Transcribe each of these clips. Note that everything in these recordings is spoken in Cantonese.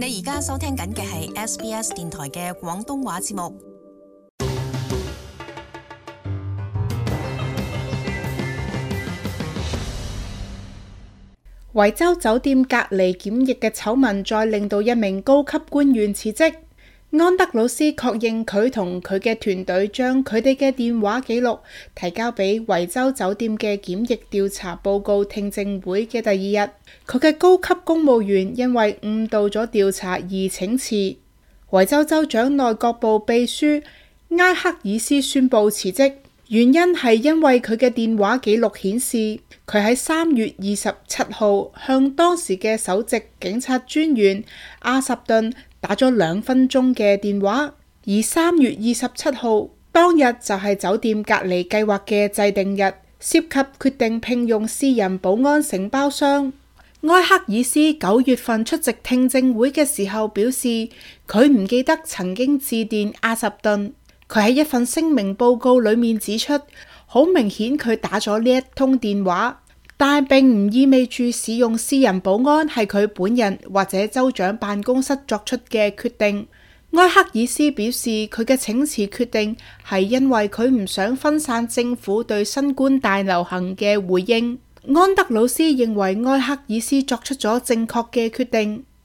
你而家收聽緊嘅係 SBS 電台嘅廣東話節目。維州酒店隔離檢疫嘅醜聞，再令到一名高級官員辭職。安德魯斯確認佢同佢嘅團隊將佢哋嘅電話記錄提交俾維州酒店嘅檢疫調查報告聽證會嘅第二日，佢嘅高級公務員因為誤導咗調查而請辭。維州州長內閣部秘書埃克爾斯宣布辭職，原因係因為佢嘅電話記錄顯示，佢喺三月二十七號向當時嘅首席警察專員阿什頓打咗兩分鐘嘅電話，而三月二十七號當日就係酒店隔離計劃嘅制定日，涉及決定聘用私人保安承包商。埃克爾斯九月份出席聽證會嘅時候表示，佢唔記得曾經致電阿什頓。佢喺一份聲明報告裏面指出，好明顯佢打咗呢一通電話。但並唔意味住使用私人保安係佢本人或者州長辦公室作出嘅決定。埃克爾斯表示，佢嘅請辭決定係因為佢唔想分散政府對新冠大流行嘅回應。安德魯斯認為埃克爾斯作出咗正確嘅決定。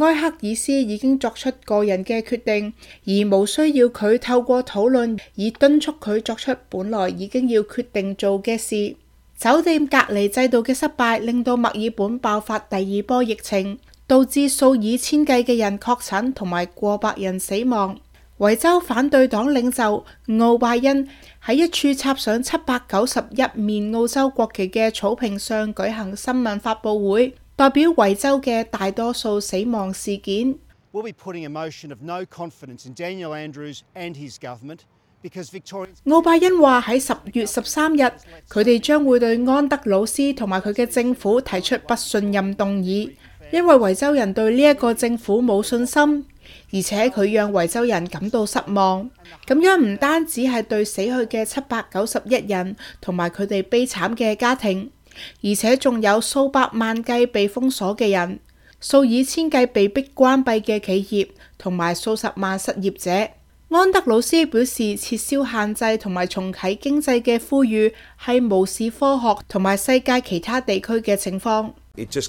埃克爾斯已經作出個人嘅決定，而無需要佢透過討論以敦促佢作出本來已經要決定做嘅事。酒店隔離制度嘅失敗令到墨爾本爆發第二波疫情，導致數以千計嘅人確診同埋過百人死亡。維州反對黨領袖奧拜恩喺一處插上七百九十一面澳洲國旗嘅草坪上舉行新聞發佈會。代表維州嘅大多數死亡事件。奧巴恩話：喺十月十三日，佢哋將會對安德魯斯同埋佢嘅政府提出不信任動議，因為維州人對呢一個政府冇信心，而且佢讓維州人感到失望。咁樣唔單止係對死去嘅七百九十一人同埋佢哋悲慘嘅家庭。而且仲有數百萬計被封鎖嘅人，數以千計被逼關閉嘅企業，同埋數十萬失業者。安德魯斯表示，撤銷限制同埋重啟經濟嘅呼籲係無視科學同埋世界其他地區嘅情況。It just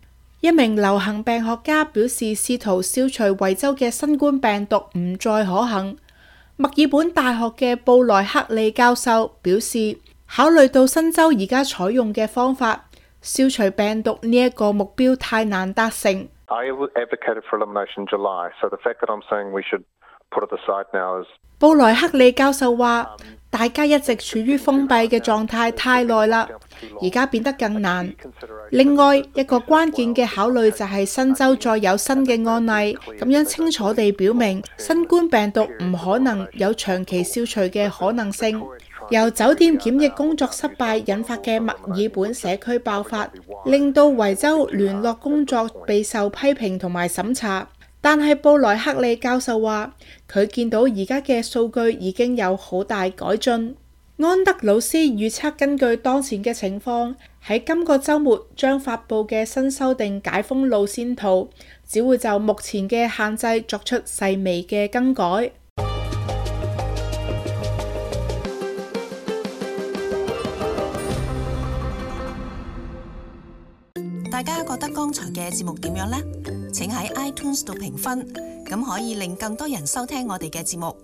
一名流行病學家表示，試圖消除維州嘅新冠病毒唔再可行。墨爾本大學嘅布萊克利教授表示，考慮到新州而家採用嘅方法，消除病毒呢一個目標太難達成。布萊克利教授話，大家一直處於封閉嘅狀態太耐啦，而家變得更難。另外一個關鍵嘅考慮就係新州再有新嘅案例，咁樣清楚地表明新冠病毒唔可能有長期消除嘅可能性。由酒店檢疫工作失敗引發嘅墨爾本社區爆發，令到維州聯絡工作備受批評同埋審查。但係布萊克利教授話，佢見到而家嘅數據已經有好大改進。安德魯斯預測，根據當前嘅情況，喺今個周末將發布嘅新修訂解封路線圖，只會就目前嘅限制作出細微嘅更改。大家覺得剛才嘅節目點樣呢？請喺 iTunes 度評分，咁可以令更多人收聽我哋嘅節目。